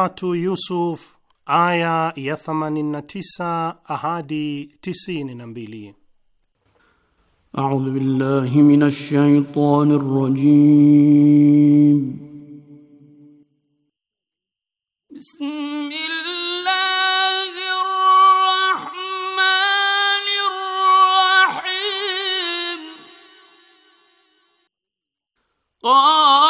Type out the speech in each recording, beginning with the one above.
suratu Yusuf aya ya 89 ahadi 92. A'udhu billahi minash shaitanir rajim. Bismillah قال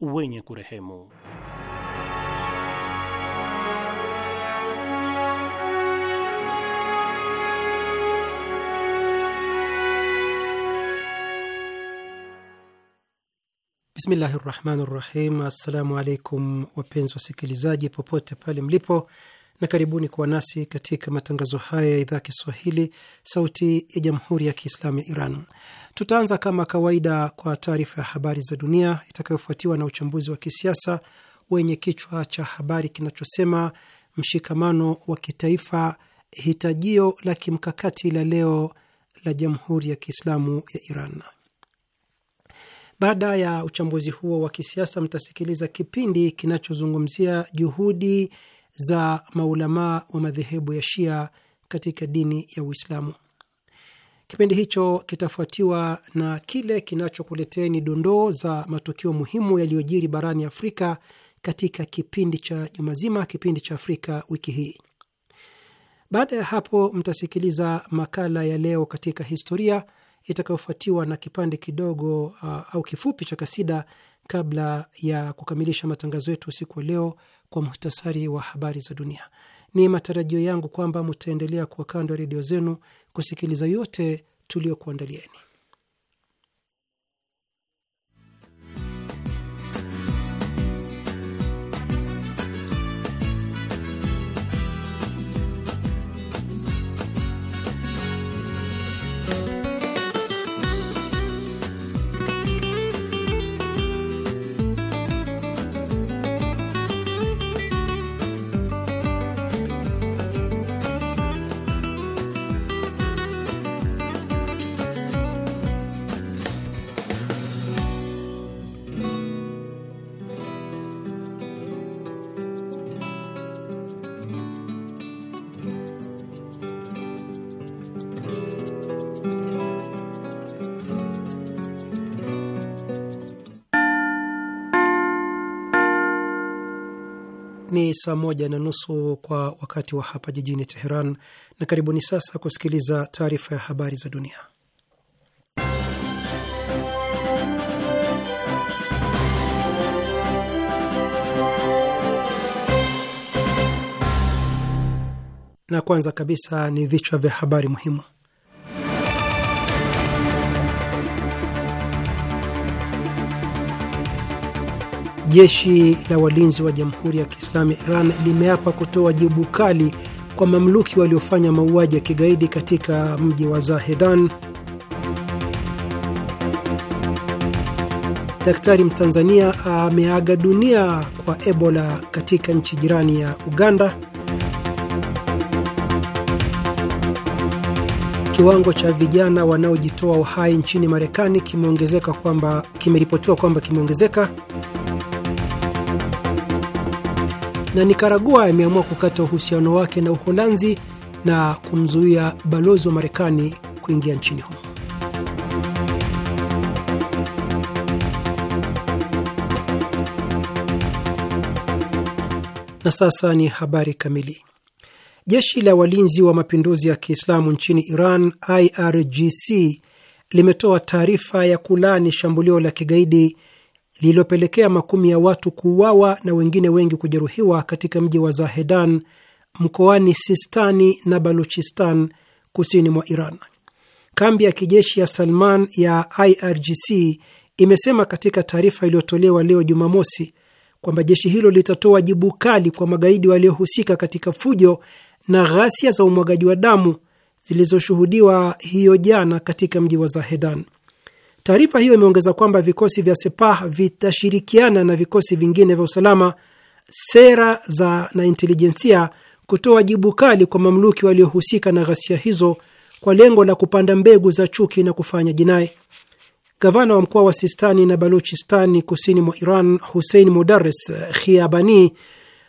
wenye kurehemu. Bismillahi rahmani rahim. Assalamu alaikum wapenzi wasikilizaji, popote pale mlipo na karibuni kuwa nasi katika matangazo haya ya idhaa ya Kiswahili, Sauti ya Jamhuri ya Kiislamu ya Iran. Tutaanza kama kawaida kwa taarifa ya habari za dunia itakayofuatiwa na uchambuzi wa kisiasa wenye kichwa cha habari kinachosema mshikamano wa kitaifa, hitajio la kimkakati la leo la Jamhuri ya Kiislamu ya Iran. Baada ya uchambuzi huo wa kisiasa, mtasikiliza kipindi kinachozungumzia juhudi za maulamaa wa madhehebu ya Shia katika dini ya Uislamu. Kipindi hicho kitafuatiwa na kile kinachokuleteni dondoo za matukio muhimu yaliyojiri barani Afrika katika kipindi cha jumazima kipindi cha Afrika wiki hii. Baada ya hapo, mtasikiliza makala ya leo katika historia itakayofuatiwa na kipande kidogo uh, au kifupi cha kasida kabla ya kukamilisha matangazo yetu usiku wa leo kwa muhtasari wa habari za dunia. Ni matarajio yangu kwamba mutaendelea kuwa kando ya redio zenu kusikiliza yote tuliokuandalieni. saa moja na nusu kwa wakati wa hapa jijini Teheran, na karibuni sasa kusikiliza taarifa ya habari za dunia. Na kwanza kabisa ni vichwa vya habari muhimu. Jeshi la walinzi wa Jamhuri ya Kiislamu ya Iran limeapa kutoa jibu kali kwa mamluki waliofanya mauaji ya kigaidi katika mji wa Zahedan. Daktari Mtanzania ameaga dunia kwa Ebola katika nchi jirani ya Uganda. Kiwango cha vijana wanaojitoa uhai nchini Marekani kimeongezeka kwamba kimeripotiwa kwamba kimeongezeka na Nikaragua imeamua kukata uhusiano wake na Uholanzi na kumzuia balozi wa Marekani kuingia nchini humo. Na sasa ni habari kamili. Jeshi la walinzi wa mapinduzi ya Kiislamu nchini Iran, IRGC, limetoa taarifa ya kulaani shambulio la kigaidi lililopelekea makumi ya watu kuuawa na wengine wengi kujeruhiwa katika mji wa Zahedan mkoani Sistani na Baluchistan kusini mwa Iran. Kambi ya kijeshi ya Salman ya IRGC imesema katika taarifa iliyotolewa leo Jumamosi kwamba jeshi hilo litatoa jibu kali kwa magaidi waliohusika katika fujo na ghasia za umwagaji wa damu zilizoshuhudiwa hiyo jana katika mji wa Zahedan. Taarifa hiyo imeongeza kwamba vikosi vya Sepah vitashirikiana na vikosi vingine vya usalama, sera za na intelijensia kutoa jibu kali kwa mamluki waliohusika na ghasia hizo kwa lengo la kupanda mbegu za chuki na kufanya jinai. Gavana wa mkoa wa Sistani na Baluchistani kusini mwa Iran, Hussein Modares Khiabani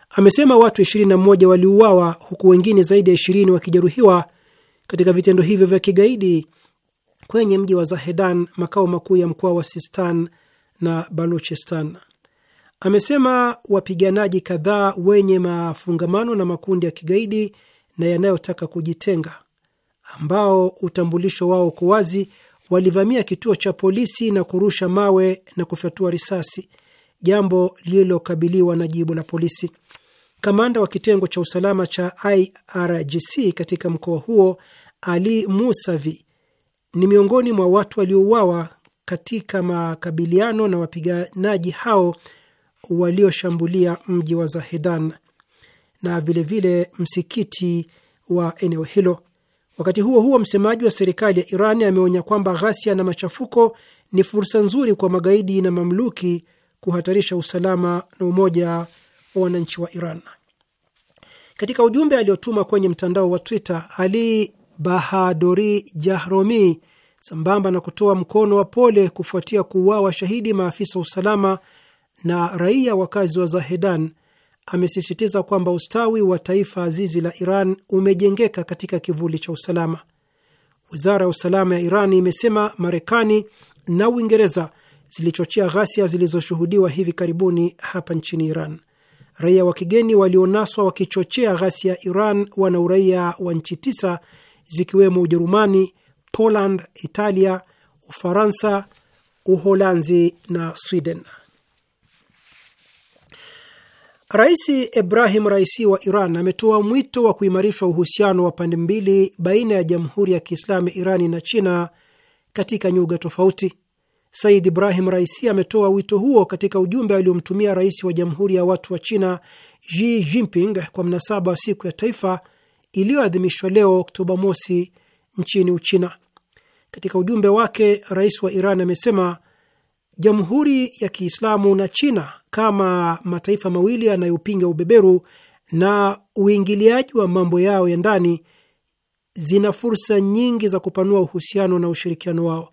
amesema watu 21 waliuawa huku wengine zaidi ya 20 wakijeruhiwa katika vitendo hivyo vya kigaidi kwenye mji wa Zahedan, makao makuu ya mkoa wa Sistan na Baluchistan. Amesema wapiganaji kadhaa wenye mafungamano na makundi ya kigaidi na yanayotaka kujitenga ambao utambulisho wao uko wazi walivamia kituo cha polisi na kurusha mawe na kufyatua risasi, jambo lililokabiliwa na jibu la polisi. Kamanda wa kitengo cha usalama cha IRGC katika mkoa huo Ali Musavi ni miongoni mwa watu waliouawa katika makabiliano na wapiganaji hao walioshambulia mji wa Zahedan na vilevile vile msikiti wa eneo hilo. Wakati huo huo, msemaji wa serikali ya Iran ameonya kwamba ghasia na machafuko ni fursa nzuri kwa magaidi na mamluki kuhatarisha usalama na umoja wa wananchi wa Iran. Katika ujumbe aliotuma kwenye mtandao wa Twitter, Ali Bahadori Jahromi sambamba na kutoa mkono wa pole kufuatia kuuawa shahidi maafisa usalama na raia wakazi wa Zahedan amesisitiza kwamba ustawi wa taifa azizi la Iran umejengeka katika kivuli cha usalama. Wizara ya usalama ya Iran imesema Marekani na Uingereza zilichochea ghasia zilizoshuhudiwa hivi karibuni hapa nchini Iran. Raia wa kigeni walionaswa wakichochea ghasia ya Iran wana uraia wa nchi tisa zikiwemo Ujerumani, Poland, Italia, Ufaransa, Uholanzi na Sweden. Rais Ibrahim Raisi wa Iran ametoa mwito wa kuimarishwa uhusiano wa pande mbili baina ya Jamhuri ya Kiislamu Irani na China katika nyuga tofauti. Said Ibrahim Raisi ametoa wito huo katika ujumbe aliomtumia rais wa Jamhuri ya Watu wa China Xi Jinping kwa mnasaba wa siku ya taifa iliyoadhimishwa leo Oktoba mosi nchini Uchina. Katika ujumbe wake, rais wa Iran amesema Jamhuri ya Kiislamu na China kama mataifa mawili yanayopinga ubeberu na uingiliaji wa mambo yao ya ndani zina fursa nyingi za kupanua uhusiano na ushirikiano wao.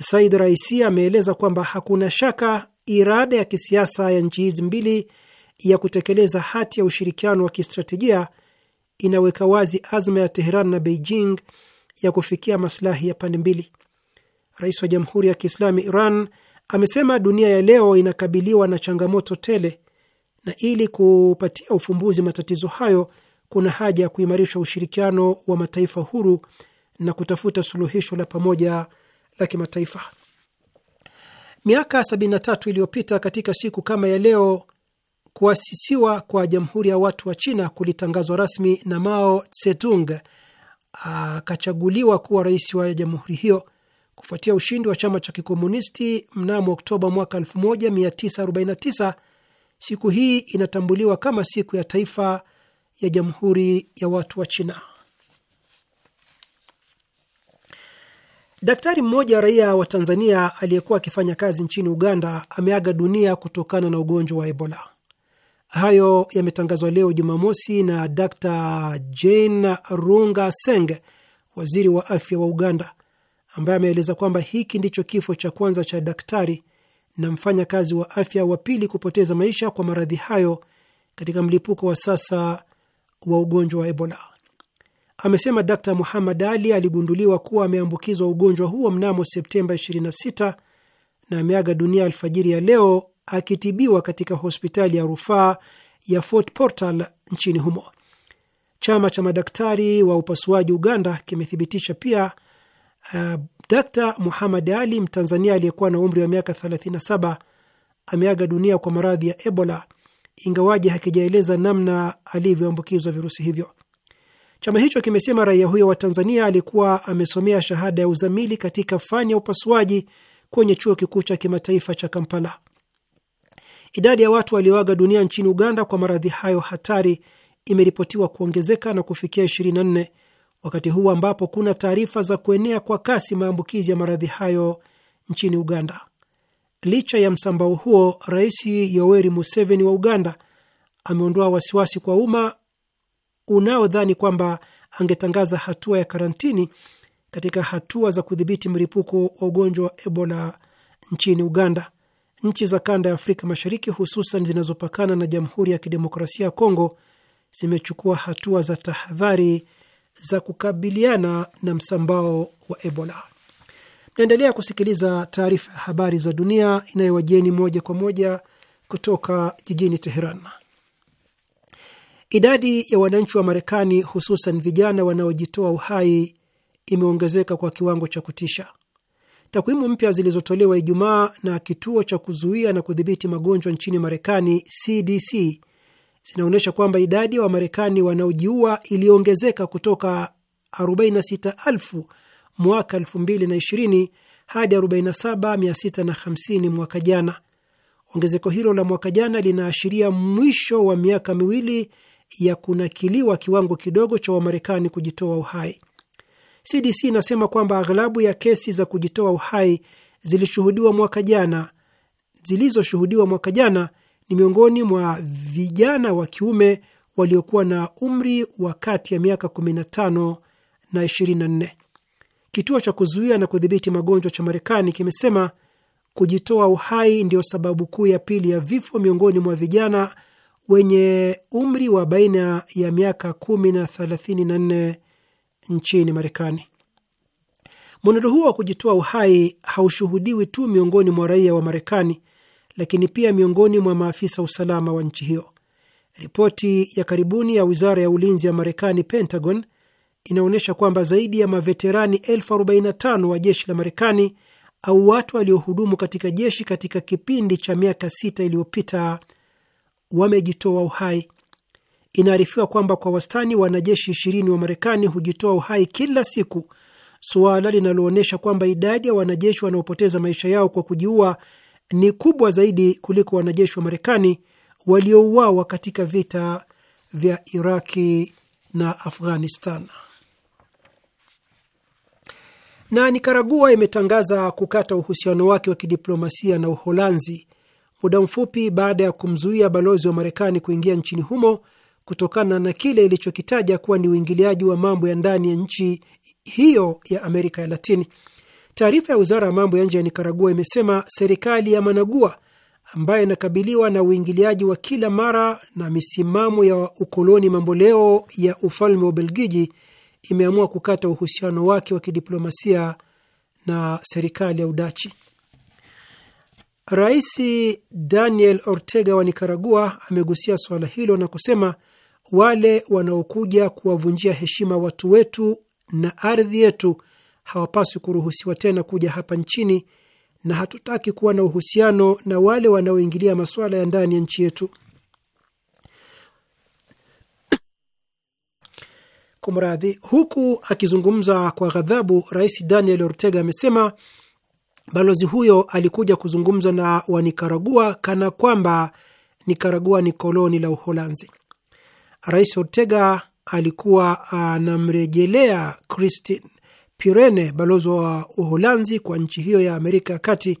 Said Raisi ameeleza kwamba hakuna shaka irada ya kisiasa ya nchi hizi mbili ya kutekeleza hati ya ushirikiano wa kistratejia inaweka wazi azma ya Teheran na Beijing ya kufikia masilahi ya pande mbili. Rais wa Jamhuri ya Kiislamu Iran amesema dunia ya leo inakabiliwa na changamoto tele, na ili kupatia ufumbuzi matatizo hayo kuna haja ya kuimarisha ushirikiano wa mataifa huru na kutafuta suluhisho la pamoja la kimataifa. Miaka 73 iliyopita katika siku kama ya leo kuasisiwa kwa Jamhuri ya Watu wa China kulitangazwa rasmi na Mao Tsetung akachaguliwa kuwa rais wa jamhuri hiyo kufuatia ushindi wa chama cha kikomunisti mnamo Oktoba mwaka 1949. Siku hii inatambuliwa kama siku ya taifa ya Jamhuri ya Watu wa China. Daktari mmoja raia wa Tanzania aliyekuwa akifanya kazi nchini Uganda ameaga dunia kutokana na ugonjwa wa Ebola. Hayo yametangazwa leo Jumamosi na Dr Jane Runga Seng, waziri wa afya wa Uganda, ambaye ameeleza kwamba hiki ndicho kifo cha kwanza cha daktari na mfanyakazi wa afya wa pili kupoteza maisha kwa maradhi hayo katika mlipuko wa sasa wa ugonjwa wa Ebola. Amesema Dkt Muhammad Ali aligunduliwa kuwa ameambukizwa ugonjwa huo mnamo Septemba 26 na ameaga dunia alfajiri ya leo akitibiwa katika hospitali ya rufaa ya Fort Portal nchini humo. Chama cha madaktari wa upasuaji Uganda kimethibitisha pia uh, Dr Muhamad Ali, Mtanzania aliyekuwa na umri wa miaka 37 ameaga dunia kwa maradhi ya Ebola, ingawaji hakijaeleza namna alivyoambukizwa virusi hivyo. Chama hicho kimesema raia huyo wa Tanzania alikuwa amesomea shahada ya uzamili katika fani ya upasuaji kwenye chuo kikuu cha kimataifa cha Kampala. Idadi ya watu walioaga dunia nchini Uganda kwa maradhi hayo hatari imeripotiwa kuongezeka na kufikia 24 wakati huu ambapo kuna taarifa za kuenea kwa kasi maambukizi ya maradhi hayo nchini Uganda. Licha ya msambao huo, Rais Yoweri Museveni wa Uganda ameondoa wasiwasi kwa umma unaodhani kwamba angetangaza hatua ya karantini katika hatua za kudhibiti mlipuko wa ugonjwa wa Ebola nchini Uganda. Nchi za kanda ya Afrika Mashariki, hususan zinazopakana na Jamhuri ya Kidemokrasia ya Kongo, zimechukua hatua za tahadhari za kukabiliana na msambao wa Ebola. Mnaendelea kusikiliza taarifa ya habari za dunia inayowajieni moja kwa moja kutoka jijini Teheran. Idadi ya wananchi wa Marekani, hususan vijana wanaojitoa uhai, imeongezeka kwa kiwango cha kutisha. Takwimu mpya zilizotolewa Ijumaa na kituo cha kuzuia na kudhibiti magonjwa nchini Marekani, CDC, zinaonyesha kwamba idadi ya wa Wamarekani wanaojiua iliongezeka kutoka 46,000 mwaka 2020 hadi 47,650 mwaka jana. Ongezeko hilo la mwaka jana linaashiria mwisho wa miaka miwili ya kunakiliwa kiwango kidogo cha Wamarekani kujitoa uhai. CDC inasema kwamba aghlabu ya kesi za kujitoa uhai zilishuhudiwa mwaka jana zilizoshuhudiwa mwaka jana ni miongoni mwa vijana wa kiume waliokuwa na umri wa kati ya miaka 15 na 24. Kituo cha kuzuia na kudhibiti magonjwa cha Marekani kimesema kujitoa uhai ndio sababu kuu ya pili ya vifo miongoni mwa vijana wenye umri wa baina ya miaka 10 na 34 nchini Marekani. Mwenendo huo wa kujitoa uhai haushuhudiwi tu miongoni mwa raia wa Marekani, lakini pia miongoni mwa maafisa usalama wa nchi hiyo. Ripoti ya karibuni ya wizara ya ulinzi ya Marekani, Pentagon, inaonyesha kwamba zaidi ya maveterani 45 wa jeshi la Marekani au watu waliohudumu katika jeshi katika kipindi cha miaka sita iliyopita wamejitoa uhai. Inaarifiwa kwamba kwa wastani wanajeshi ishirini wa Marekani hujitoa uhai kila siku, suala linaloonyesha kwamba idadi ya wanajeshi wanaopoteza maisha yao kwa kujiua ni kubwa zaidi kuliko wanajeshi wa Marekani waliouawa katika vita vya Iraki na Afghanistan. Na Nikaragua imetangaza kukata uhusiano wake wa kidiplomasia na Uholanzi muda mfupi baada ya kumzuia balozi wa Marekani kuingia nchini humo kutokana na kile ilichokitaja kuwa ni uingiliaji wa mambo ya ndani ya nchi hiyo ya Amerika ya Latini. Taarifa ya wizara ya mambo ya nje ya Nikaragua imesema serikali ya Managua ambayo inakabiliwa na uingiliaji wa kila mara na misimamo ya ukoloni mamboleo ya ufalme wa Ubelgiji imeamua kukata uhusiano wake wa kidiplomasia na serikali ya Udachi. Rais Daniel Ortega wa Nikaragua amegusia suala hilo na kusema wale wanaokuja kuwavunjia heshima watu wetu na ardhi yetu hawapaswi kuruhusiwa tena kuja hapa nchini, na hatutaki kuwa na uhusiano na wale wanaoingilia masuala ya ndani ya nchi yetu. Kumradhi. Huku akizungumza kwa ghadhabu, Rais Daniel Ortega amesema balozi huyo alikuja kuzungumza na Wanikaragua kana kwamba Nikaragua ni koloni la Uholanzi. Rais Ortega alikuwa anamrejelea Christine Pirene, balozi wa Uholanzi kwa nchi hiyo ya Amerika ya Kati,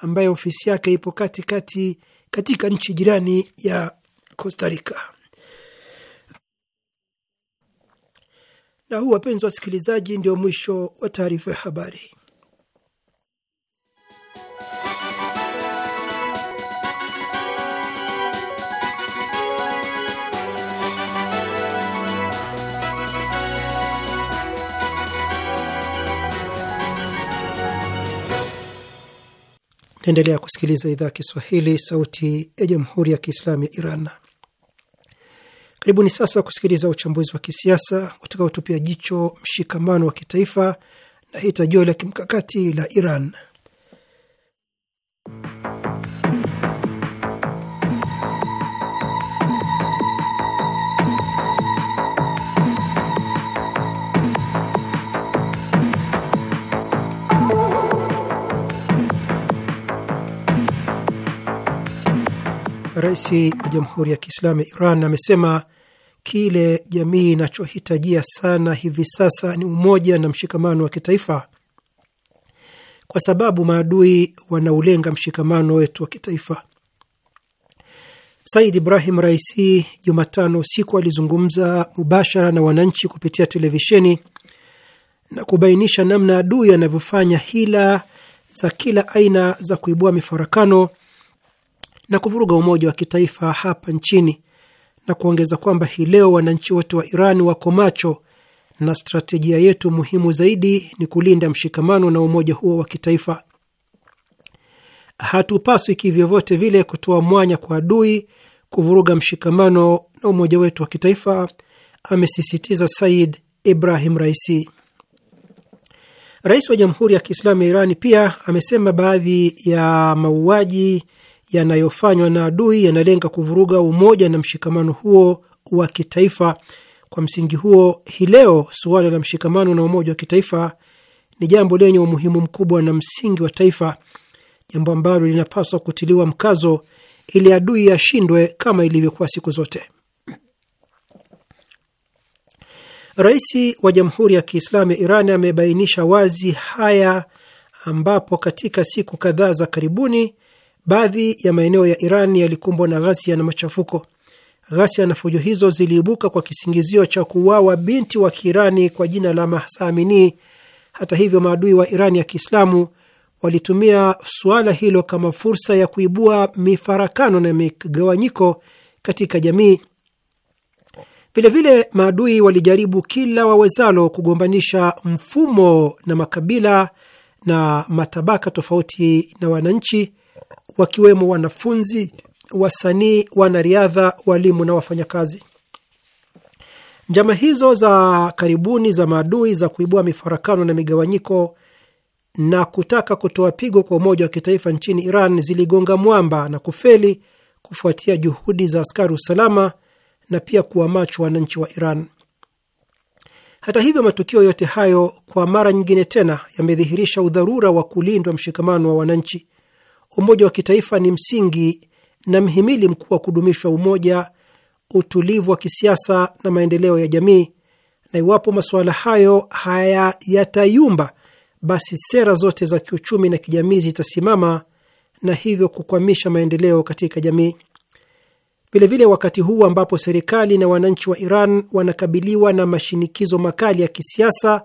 ambaye ofisi yake ipo katikati katika nchi jirani ya Costa Rica. Na huu, wapenzi wasikilizaji, ndio mwisho wa taarifa ya habari. Naendelea kusikiliza idhaa Kiswahili sauti ya jamhuri ya kiislamu ya Iran. Karibuni sasa kusikiliza uchambuzi wa kisiasa utakaotupia jicho mshikamano wa kitaifa na hitajio la kimkakati la Iran. Rais wa Jamhuri ya Kiislamu ya Iran amesema kile jamii inachohitajia sana hivi sasa ni umoja na mshikamano wa kitaifa, kwa sababu maadui wanaulenga mshikamano wetu wa kitaifa. Said Ibrahim Raisi Jumatano usiku alizungumza mubashara na wananchi kupitia televisheni na kubainisha namna adui anavyofanya hila za kila aina za kuibua mifarakano na kuvuruga umoja wa kitaifa hapa nchini, na kuongeza kwamba hii leo wananchi wote wa Iran wako macho na strategia yetu muhimu zaidi ni kulinda mshikamano na umoja huo wa kitaifa. Hatupaswi kivyovyote vile kutoa mwanya kwa adui kuvuruga mshikamano na umoja wetu wa kitaifa, amesisitiza Said Ibrahim Raisi. Rais wa Jamhuri ya Kiislamu ya Irani pia amesema baadhi ya mauaji yanayofanywa na adui yanalenga kuvuruga umoja na mshikamano huo wa kitaifa. Kwa msingi huo, hii leo suala la mshikamano na umoja wa kitaifa ni jambo lenye umuhimu mkubwa na msingi wa taifa, jambo ambalo linapaswa kutiliwa mkazo ili adui yashindwe kama ilivyokuwa siku zote. Rais wa Jamhuri ya Kiislamu ya Iran amebainisha wazi haya ambapo katika siku kadhaa za karibuni Baadhi ya maeneo ya Iran yalikumbwa na ghasia na machafuko. Ghasia na fujo hizo ziliibuka kwa kisingizio cha kuuawa binti wa Kiirani kwa jina la Mahsa Amini. Hata hivyo, maadui wa Iran ya Kiislamu walitumia suala hilo kama fursa ya kuibua mifarakano na migawanyiko katika jamii. Vilevile, maadui walijaribu kila wawezalo kugombanisha mfumo na makabila na matabaka tofauti na wananchi wakiwemo wanafunzi, wasanii, wanariadha, walimu na wafanyakazi. Njama hizo za karibuni za maadui za kuibua mifarakano na migawanyiko na kutaka kutoa pigo kwa umoja wa kitaifa nchini Iran ziligonga mwamba na kufeli kufuatia juhudi za askari usalama na pia kuwa macho wananchi wa Iran. Hata hivyo, matukio yote hayo kwa mara nyingine tena yamedhihirisha udharura wa kulindwa mshikamano wa wananchi umoja wa kitaifa ni msingi na mhimili mkuu wa kudumishwa umoja, utulivu wa kisiasa na maendeleo ya jamii, na iwapo masuala hayo haya yatayumba, basi sera zote za kiuchumi na kijamii zitasimama na hivyo kukwamisha maendeleo katika jamii. Vilevile, wakati huu ambapo serikali na wananchi wa Iran wanakabiliwa na mashinikizo makali ya kisiasa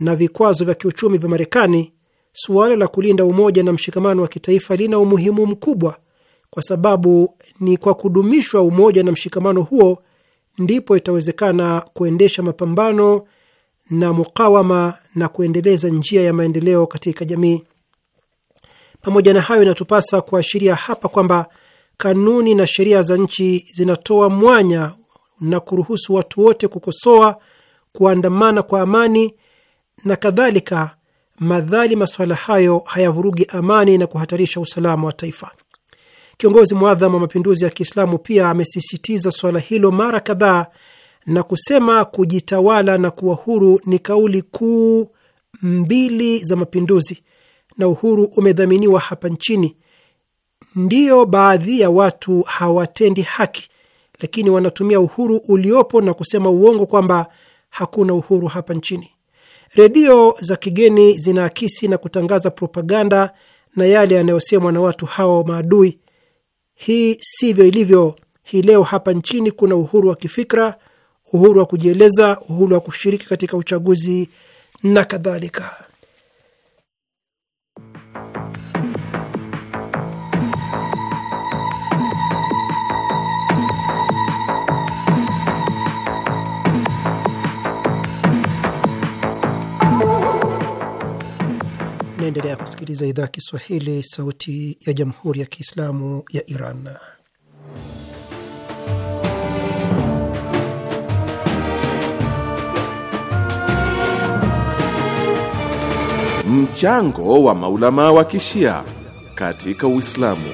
na vikwazo vya kiuchumi vya Marekani, suala la kulinda umoja na mshikamano wa kitaifa lina umuhimu mkubwa, kwa sababu ni kwa kudumishwa umoja na mshikamano huo ndipo itawezekana kuendesha mapambano na mukawama na kuendeleza njia ya maendeleo katika jamii. Pamoja na hayo, inatupasa kuashiria hapa kwamba kanuni na sheria za nchi zinatoa mwanya na kuruhusu watu wote kukosoa, kuandamana kwa amani na kadhalika madhali masuala hayo hayavurugi amani na kuhatarisha usalama wa taifa. Kiongozi mwadhamu wa mapinduzi ya Kiislamu pia amesisitiza suala hilo mara kadhaa na kusema kujitawala na kuwa huru ni kauli kuu mbili za mapinduzi, na uhuru umedhaminiwa hapa nchini. Ndiyo, baadhi ya watu hawatendi haki, lakini wanatumia uhuru uliopo na kusema uongo kwamba hakuna uhuru hapa nchini. Redio za kigeni zinaakisi na kutangaza propaganda na yale yanayosemwa na watu hao maadui. Hii sivyo ilivyo. Hii leo hapa nchini kuna uhuru wa kifikra, uhuru wa kujieleza, uhuru wa kushiriki katika uchaguzi na kadhalika. Naendelea kusikiliza idhaa Kiswahili sauti ya jamhuri ya Kiislamu ya Iran. Mchango wa maulama wa kishia katika Uislamu.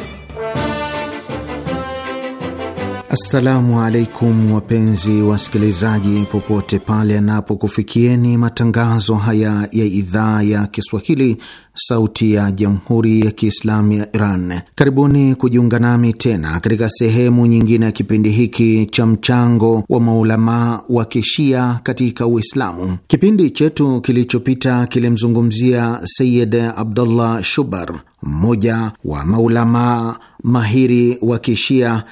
Assalamu alaikum wapenzi wasikilizaji, popote pale anapokufikieni matangazo haya ya idhaa ya Kiswahili sauti ya jamhuri ya kiislamu ya Iran. Karibuni kujiunga nami tena katika sehemu nyingine ya kipindi hiki cha mchango wa maulamaa wa kishia katika Uislamu. Kipindi chetu kilichopita kilimzungumzia Sayid Abdullah Shubar, mmoja wa maulamaa mahiri wa kishia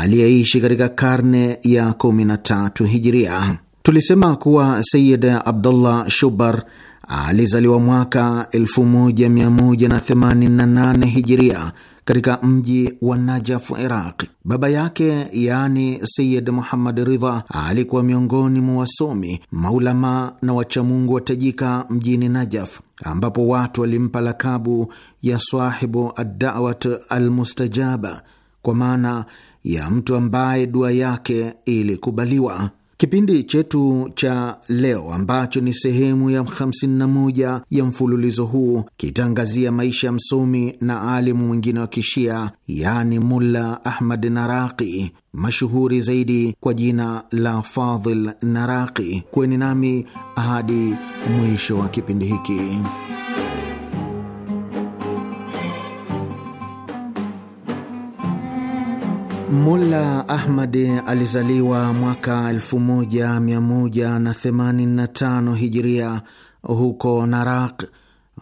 aliyeishi katika karne ya 13 Hijiria. Tulisema kuwa Sayid Abdullah Shubar alizaliwa mwaka 1188 hijiria katika mji wa Najaf, Iraq. Baba yake yaani Sayid Muhammad Ridha alikuwa miongoni mwa wasomi, maulama na wachamungu watajika mjini Najaf, ambapo watu walimpa lakabu ya Swahibu Addawat Almustajaba, kwa maana ya mtu ambaye dua yake ilikubaliwa. Kipindi chetu cha leo ambacho ni sehemu ya 51 ya mfululizo huu kitaangazia maisha ya msomi na alimu mwingine wa Kishia, yaani Mulla Ahmad Naraqi, mashuhuri zaidi kwa jina la Fadhil Naraqi. Kuweni nami hadi mwisho wa kipindi hiki. Mulla Ahmadi alizaliwa mwaka 1185 Hijiria huko Naraq,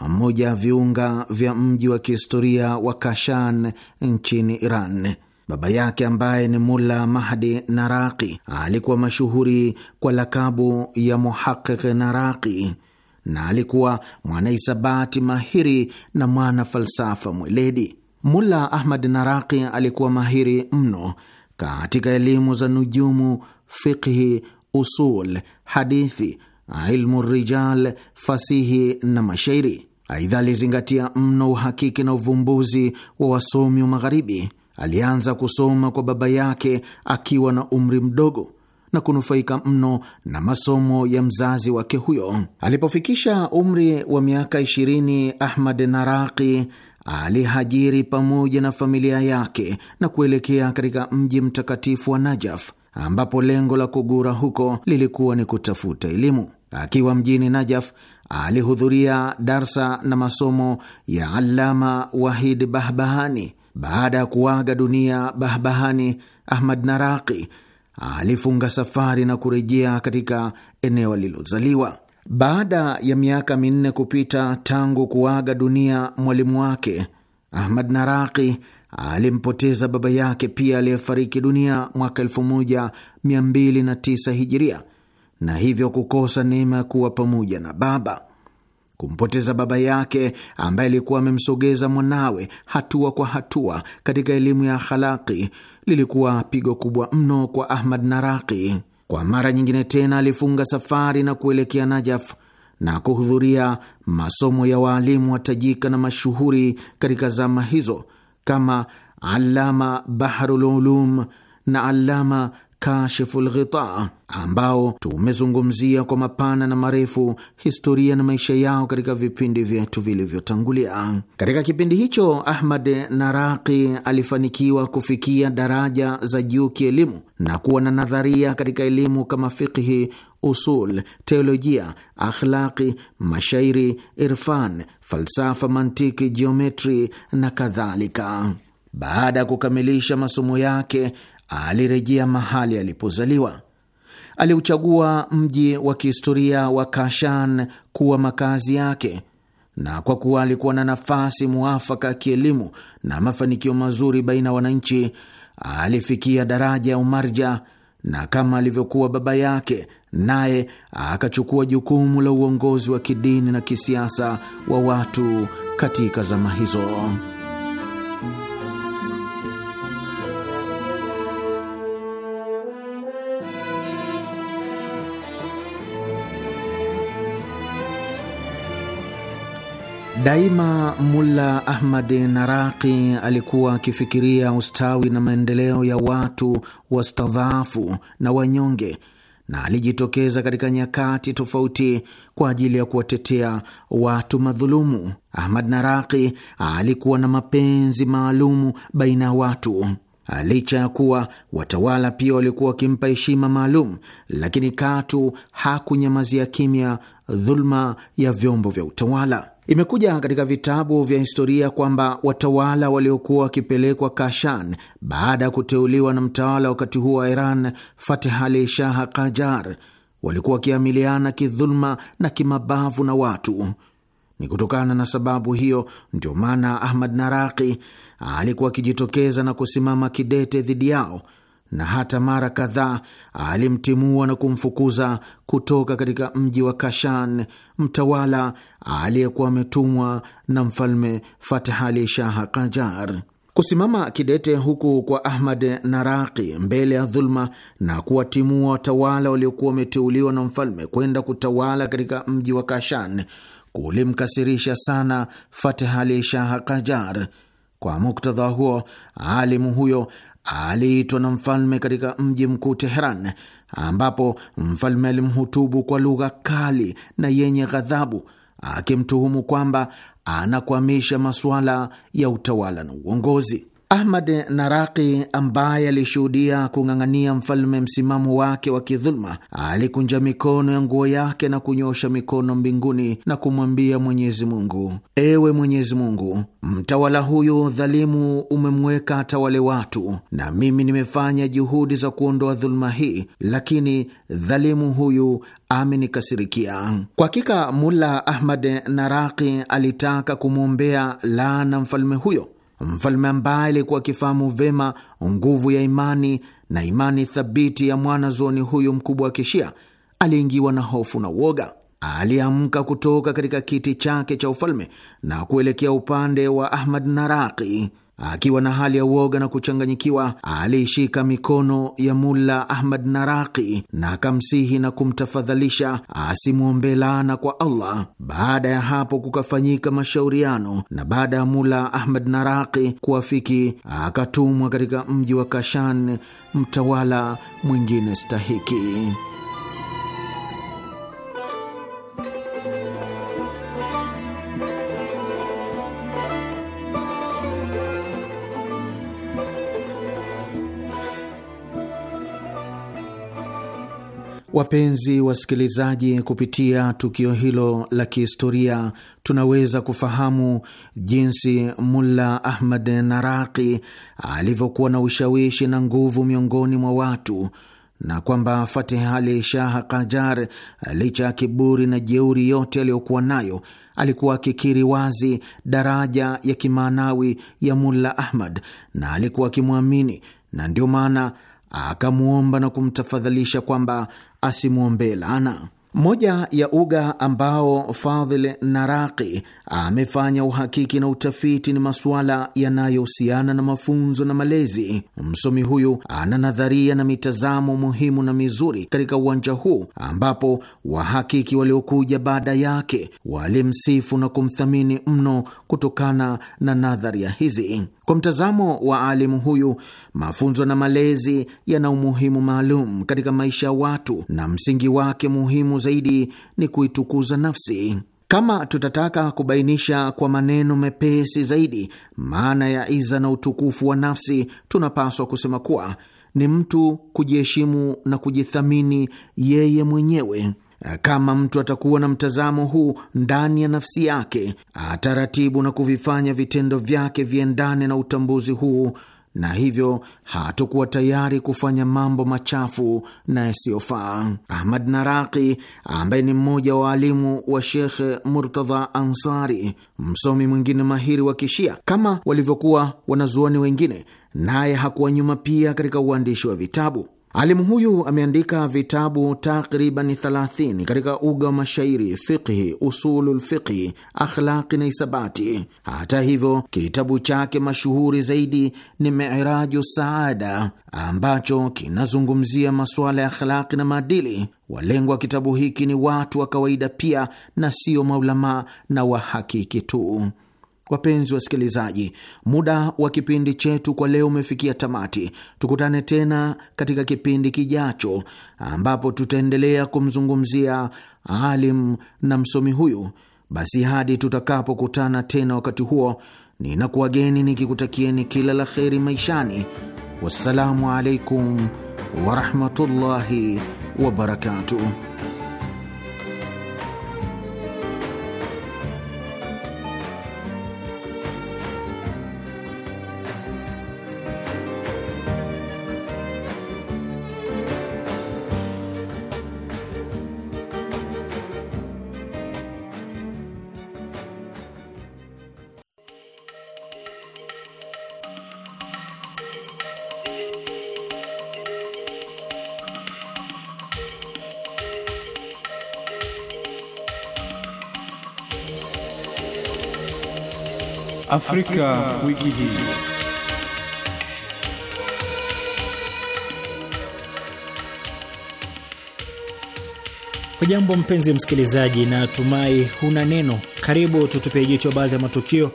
mmoja ya viunga vya mji wa kihistoria wa Kashan nchini Iran. Baba yake ambaye ni Mulla Mahdi Naraqi alikuwa mashuhuri kwa lakabu ya Muhaqiq Naraqi na alikuwa mwanahisabati mahiri na mwana falsafa mweledi. Mulla Ahmad Naraqi alikuwa mahiri mno katika elimu za nujumu, fiqhi, usul, hadithi, ilmu rijal, fasihi na mashairi. Aidha, alizingatia mno uhakiki na uvumbuzi wa wasomi wa Magharibi. Alianza kusoma kwa baba yake akiwa na umri mdogo na kunufaika mno na masomo ya mzazi wake huyo. Alipofikisha umri wa miaka ishirini, Ahmad Naraqi alihajiri pamoja na familia yake na kuelekea katika mji mtakatifu wa Najaf ambapo lengo la kugura huko lilikuwa ni kutafuta elimu. Akiwa mjini Najaf alihudhuria darsa na masomo ya Allama Wahid Bahbahani. Baada ya kuaga dunia Bahbahani, Ahmad Naraqi alifunga safari na kurejea katika eneo alilozaliwa. Baada ya miaka minne kupita tangu kuaga dunia mwalimu wake, Ahmad Naraqi alimpoteza baba yake pia aliyefariki dunia mwaka 1209 Hijiria, na hivyo kukosa neema ya kuwa pamoja na baba. Kumpoteza baba yake ambaye alikuwa amemsogeza mwanawe hatua kwa hatua katika elimu ya khalaki lilikuwa pigo kubwa mno kwa Ahmad naraki kwa mara nyingine tena alifunga safari na kuelekea Najaf na kuhudhuria masomo ya waalimu watajika na mashuhuri katika zama hizo kama Allama bahrululum na Allama Kashiful Ghita, ambao tumezungumzia kwa mapana na marefu historia na maisha yao katika vipindi vyetu vilivyotangulia. Katika kipindi hicho, Ahmad Naraqi alifanikiwa kufikia daraja za juu kielimu na kuwa na nadharia katika elimu kama fikhi usul, teolojia, akhlaqi, mashairi, irfan, falsafa, mantiki, geometri na kadhalika. Baada ya kukamilisha masomo yake alirejea mahali alipozaliwa. Aliuchagua mji wa kihistoria wa Kashan kuwa makazi yake, na kwa kuwa alikuwa na nafasi muafaka ya kielimu na mafanikio mazuri baina ya wananchi, alifikia daraja ya umarja, na kama alivyokuwa baba yake, naye akachukua jukumu la uongozi wa kidini na kisiasa wa watu katika zama hizo. Daima Mulla Ahmad Naraqi alikuwa akifikiria ustawi na maendeleo ya watu wastadhaafu na wanyonge, na alijitokeza katika nyakati tofauti kwa ajili ya kuwatetea watu madhulumu. Ahmad Naraqi alikuwa na mapenzi maalumu baina ya watu. Licha ya kuwa watawala pia walikuwa wakimpa heshima maalum, lakini katu hakunyamazia kimya dhuluma ya vyombo vya utawala. Imekuja katika vitabu vya historia kwamba watawala waliokuwa wakipelekwa Kashan baada ya kuteuliwa na mtawala wakati huo wa Iran Fatih Ali Shah Kajar walikuwa wakiamiliana kidhuluma na kimabavu na watu. Ni kutokana na sababu hiyo ndio maana Ahmad Naraki alikuwa akijitokeza na kusimama kidete dhidi yao na hata mara kadhaa alimtimua na kumfukuza kutoka katika mji wa Kashan mtawala aliyekuwa ametumwa na mfalme Fathali Shah Kajar. Kusimama kidete huku kwa Ahmad Naraki mbele ya dhuluma na kuwatimua watawala waliokuwa wameteuliwa na mfalme kwenda kutawala katika mji wa Kashan kulimkasirisha sana Fathali Shah Kajar. Kwa muktadha huo, alimu huyo aliitwa na mfalme katika mji mkuu Teheran, ambapo mfalme alimhutubu kwa lugha kali na yenye ghadhabu, akimtuhumu kwamba anakwamisha masuala ya utawala na uongozi. Ahmad Naraki ambaye alishuhudia kung'ang'ania mfalme msimamo wake wa kidhuluma, alikunja mikono ya nguo yake na kunyosha mikono mbinguni na kumwambia Mwenyezi Mungu, ewe Mwenyezi Mungu, mtawala huyu dhalimu umemweka atawale watu, na mimi nimefanya juhudi za kuondoa dhuluma hii, lakini dhalimu huyu amenikasirikia. Kwa hakika Mulla Ahmad Naraki alitaka kumwombea laana mfalme huyo mfalme ambaye alikuwa akifahamu vema nguvu ya imani na imani thabiti ya mwanazuoni huyu mkubwa wa Kishia aliingiwa na hofu na uoga. Aliamka kutoka katika kiti chake cha ufalme na kuelekea upande wa Ahmad Naraqi. Akiwa na hali ya uoga na kuchanganyikiwa, aliishika mikono ya Mulla Ahmad Naraki na akamsihi na kumtafadhalisha asimwombe laana kwa Allah. Baada ya hapo kukafanyika mashauriano, na baada ya Mulla Ahmad Naraki kuwafiki, akatumwa katika mji wa Kashan mtawala mwingine stahiki. Wapenzi wasikilizaji, kupitia tukio hilo la kihistoria tunaweza kufahamu jinsi Mulla Ahmad Naraqi alivyokuwa na ushawishi na nguvu miongoni mwa watu na kwamba Fatih Ali Shah Kajar, licha ya kiburi na jeuri yote aliyokuwa nayo, alikuwa akikiri wazi daraja ya kimaanawi ya Mulla Ahmad na alikuwa akimwamini, na ndio maana akamwomba na kumtafadhalisha kwamba asimwombee laana. Moja ya uga ambao Fadhil Naraqi amefanya uhakiki na utafiti ni masuala yanayohusiana na mafunzo na malezi. Msomi huyu ana nadharia na mitazamo muhimu na mizuri katika uwanja huu, ambapo wahakiki waliokuja baada yake walimsifu na kumthamini mno kutokana na nadharia hizi. Kwa mtazamo wa alimu huyu, mafunzo na malezi yana umuhimu maalum katika maisha ya watu na msingi wake muhimu zaidi ni kuitukuza nafsi. Kama tutataka kubainisha kwa maneno mepesi zaidi maana ya iza na utukufu wa nafsi, tunapaswa kusema kuwa ni mtu kujiheshimu na kujithamini yeye mwenyewe. Kama mtu atakuwa na mtazamo huu ndani ya nafsi yake, ataratibu na kuvifanya vitendo vyake viendane na utambuzi huu na hivyo hatukuwa tayari kufanya mambo machafu na yasiyofaa. Ahmad Naraqi, ambaye ni mmoja wa waalimu wa Shekh Murtadha Ansari, msomi mwingine mahiri wa Kishia kama walivyokuwa wanazuoni wengine, naye hakuwa nyuma pia katika uandishi wa vitabu. Alimu huyu ameandika vitabu takriban 30 katika uga wa mashairi, fiqhi, usulul fiqhi, akhlaqi na isabati. Hata hivyo, kitabu chake mashuhuri zaidi ni Miraju Saada ambacho kinazungumzia masuala ya akhlaqi na maadili. Walengwa kitabu hiki ni watu wa kawaida pia na sio maulamaa na wahakiki tu. Wapenzi wasikilizaji, muda wa kipindi chetu kwa leo umefikia tamati. Tukutane tena katika kipindi kijacho, ambapo tutaendelea kumzungumzia alim na msomi huyu. Basi hadi tutakapokutana tena, wakati huo ninakuwageni nikikutakieni kila la kheri maishani. Wassalamu alaikum warahmatullahi wabarakatuh. Afrika, wiki hii. Hujambo mpenzi msikilizaji, na tumai huna neno. Karibu tutupie jicho baadhi ya matukio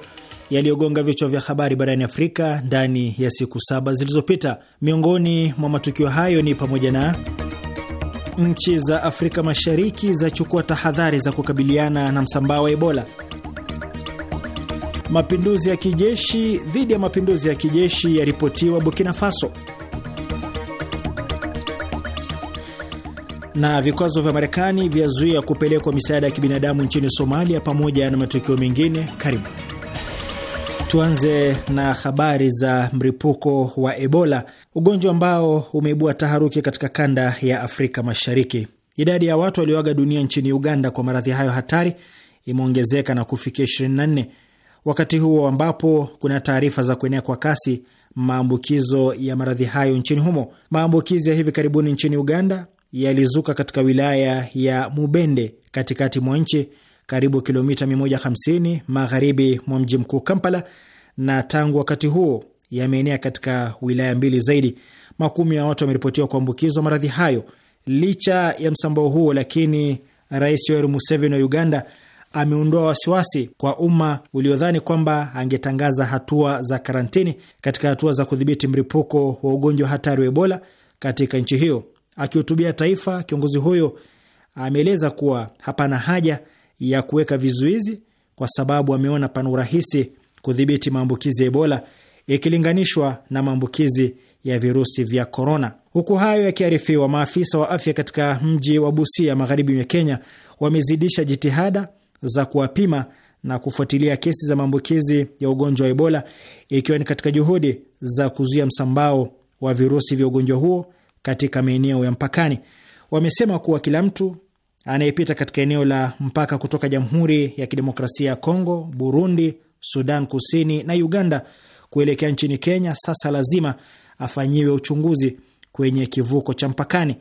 yaliyogonga vichwa vya habari barani Afrika ndani ya siku saba zilizopita. Miongoni mwa matukio hayo ni pamoja na nchi za Afrika Mashariki zachukua tahadhari za kukabiliana na msambaa wa Ebola mapinduzi ya kijeshi dhidi ya mapinduzi ya kijeshi yaripotiwa Burkina Faso. na vikwazo vya Marekani vyazuia kupelekwa misaada ya kibinadamu nchini Somalia, pamoja na matukio mengine. Karibu tuanze na habari za mlipuko wa Ebola, ugonjwa ambao umeibua taharuki katika kanda ya Afrika Mashariki. Idadi ya watu walioaga dunia nchini Uganda kwa maradhi hayo hatari imeongezeka na kufikia 24 wakati huo ambapo kuna taarifa za kuenea kwa kasi maambukizo ya maradhi hayo nchini humo. Maambukizi ya hivi karibuni nchini Uganda yalizuka katika wilaya ya Mubende katikati mwa nchi, karibu kilomita 150 magharibi mwa mji mkuu Kampala, na tangu wakati huo yameenea katika wilaya mbili zaidi. Makumi ya watu wameripotiwa kuambukizwa maradhi hayo. Licha ya msambao huo, lakini Rais Yoweri Museveni wa Uganda ameondoa wasiwasi kwa umma uliodhani kwamba angetangaza hatua za karantini katika hatua za kudhibiti mlipuko wa ugonjwa hatari wa Ebola katika nchi hiyo. Akihutubia taifa, kiongozi huyo ameeleza kuwa hapana haja ya kuweka vizuizi kwa sababu ameona pana urahisi kudhibiti maambukizi ya Ebola ikilinganishwa na maambukizi ya virusi vya korona. Huku hayo yakiarifiwa, maafisa wa afya katika mji wa Busia magharibi mwa Kenya wamezidisha jitihada za kuwapima na kufuatilia kesi za maambukizi ya ugonjwa wa Ebola, ikiwa ni katika juhudi za kuzuia msambao wa virusi vya ugonjwa huo katika maeneo ya mpakani. Wamesema kuwa kila mtu anayepita katika eneo la mpaka kutoka Jamhuri ya Kidemokrasia ya Kongo, Burundi, Sudan Kusini na Uganda kuelekea nchini Kenya sasa lazima afanyiwe uchunguzi kwenye kivuko cha mpakani.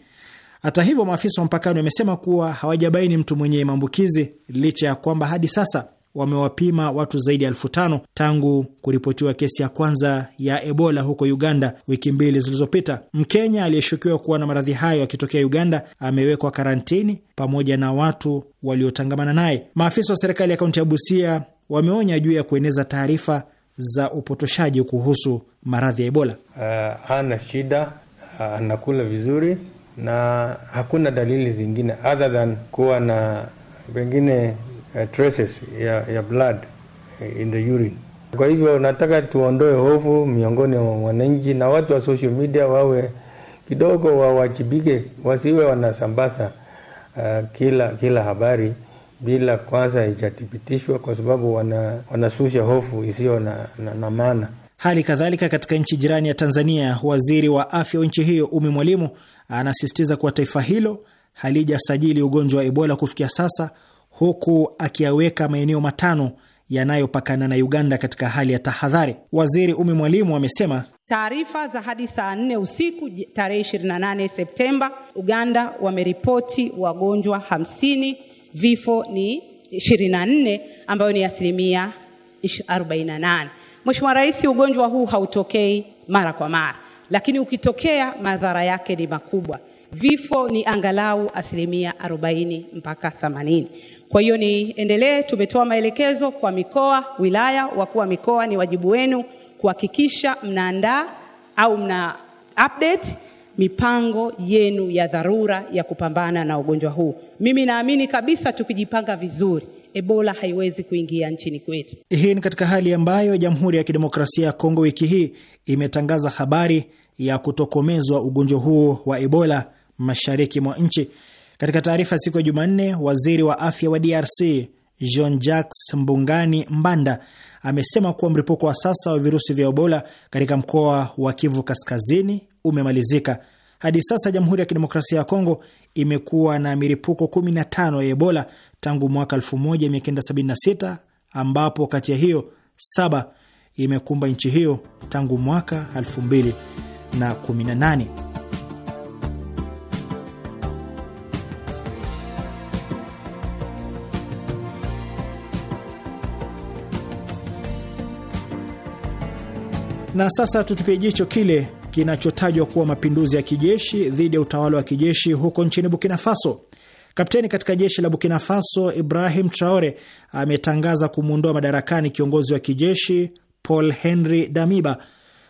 Hata hivyo, maafisa wa mpakani wamesema kuwa hawajabaini mtu mwenye maambukizi licha ya kwamba hadi sasa wamewapima watu zaidi ya elfu tano tangu kuripotiwa kesi ya kwanza ya Ebola huko Uganda wiki mbili zilizopita. Mkenya aliyeshukiwa kuwa na maradhi hayo akitokea Uganda amewekwa karantini pamoja na watu waliotangamana naye. Maafisa wa serikali ya kaunti ya Busia wameonya juu ya kueneza taarifa za upotoshaji kuhusu maradhi ya Ebola. Uh, hana shida, anakula vizuri na hakuna dalili zingine other than kuwa na pengine uh, traces ya, ya blood uh, in the urine. Kwa hivyo nataka tuondoe hofu miongoni mwa wananchi na watu wa social media wawe kidogo wawajibike, wasiwe wanasambaza uh, kila, kila habari bila kwanza ijathibitishwa, kwa sababu wana, wanasusha hofu isiyo na, na, na maana. Hali kadhalika katika nchi jirani ya Tanzania, waziri wa afya wa nchi hiyo Umi Mwalimu anasisitiza kuwa taifa hilo halijasajili ugonjwa wa Ebola kufikia sasa, huku akiyaweka maeneo matano yanayopakana na Uganda katika hali ya tahadhari. Waziri Umi Mwalimu amesema taarifa za hadi saa nne usiku tarehe 28 Septemba, Uganda wameripoti wagonjwa hamsini, vifo ni 24 ambayo ni asilimia 48. Mheshimiwa Rais, ugonjwa huu hautokei mara kwa mara, lakini ukitokea madhara yake ni makubwa. Vifo ni angalau asilimia arobaini mpaka thamanini Kwa hiyo niendelee, tumetoa maelekezo kwa mikoa, wilaya, wakuu wa mikoa, ni wajibu wenu kuhakikisha mnaandaa au mna update mipango yenu ya dharura ya kupambana na ugonjwa huu. Mimi naamini kabisa tukijipanga vizuri Ebola haiwezi kuingia nchini kwetu. Hii ni katika hali ambayo Jamhuri ya Kidemokrasia ya Kongo wiki hii imetangaza habari ya kutokomezwa ugonjwa huo wa Ebola mashariki mwa nchi. Katika taarifa siku ya Jumanne, waziri wa afya wa DRC Jean Jacques Mbungani Mbanda amesema kuwa mlipuko wa sasa wa virusi vya Ebola katika mkoa wa Kivu Kaskazini umemalizika. Hadi sasa Jamhuri ya Kidemokrasia ya Kongo imekuwa na milipuko 15 ya Ebola tangu mwaka 1976 ambapo kati ya hiyo saba imekumba nchi hiyo tangu mwaka 2018. Na sasa tutupie jicho kile kinachotajwa kuwa mapinduzi ya kijeshi dhidi ya utawala wa kijeshi huko nchini Burkina Faso. Kapteni katika jeshi la Burkina Faso Ibrahim Traore ametangaza kumwondoa madarakani kiongozi wa kijeshi Paul Henry Damiba,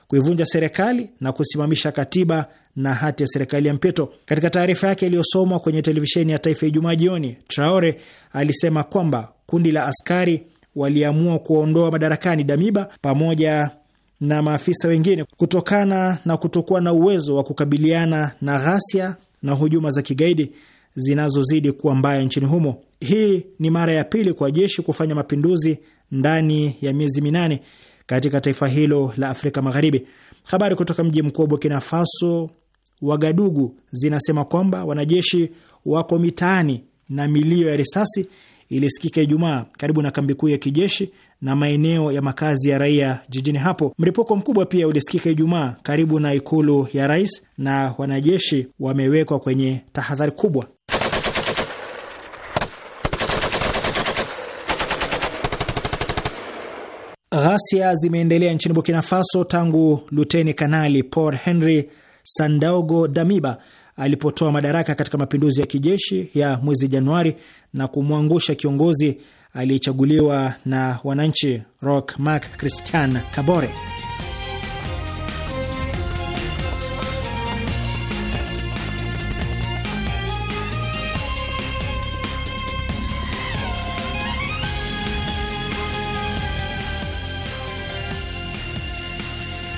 kuivunja serikali na kusimamisha katiba na hati ya serikali ya mpito. Katika taarifa yake iliyosomwa kwenye televisheni ya taifa Ijumaa jioni, Traore alisema kwamba kundi la askari waliamua kuwaondoa madarakani Damiba pamoja na maafisa wengine kutokana na kutokuwa na uwezo wa kukabiliana na ghasia na hujuma za kigaidi zinazozidi kuwa mbaya nchini humo. Hii ni mara ya pili kwa jeshi kufanya mapinduzi ndani ya miezi minane katika taifa hilo la Afrika Magharibi. Habari kutoka mji mkuu wa Burkina Faso, Wagadugu, zinasema kwamba wanajeshi wako mitaani na milio ya risasi ilisikika Ijumaa karibu na kambi kuu ya kijeshi na maeneo ya makazi ya raia jijini hapo. Mlipuko mkubwa pia ulisikika Ijumaa karibu na ikulu ya rais, na wanajeshi wamewekwa kwenye tahadhari kubwa. Ghasia zimeendelea nchini Burkina Faso tangu luteni kanali Paul Henry Sandaogo Damiba alipotoa madaraka katika mapinduzi ya kijeshi ya mwezi Januari na kumwangusha kiongozi aliyechaguliwa na wananchi Roch Marc Christian Kabore.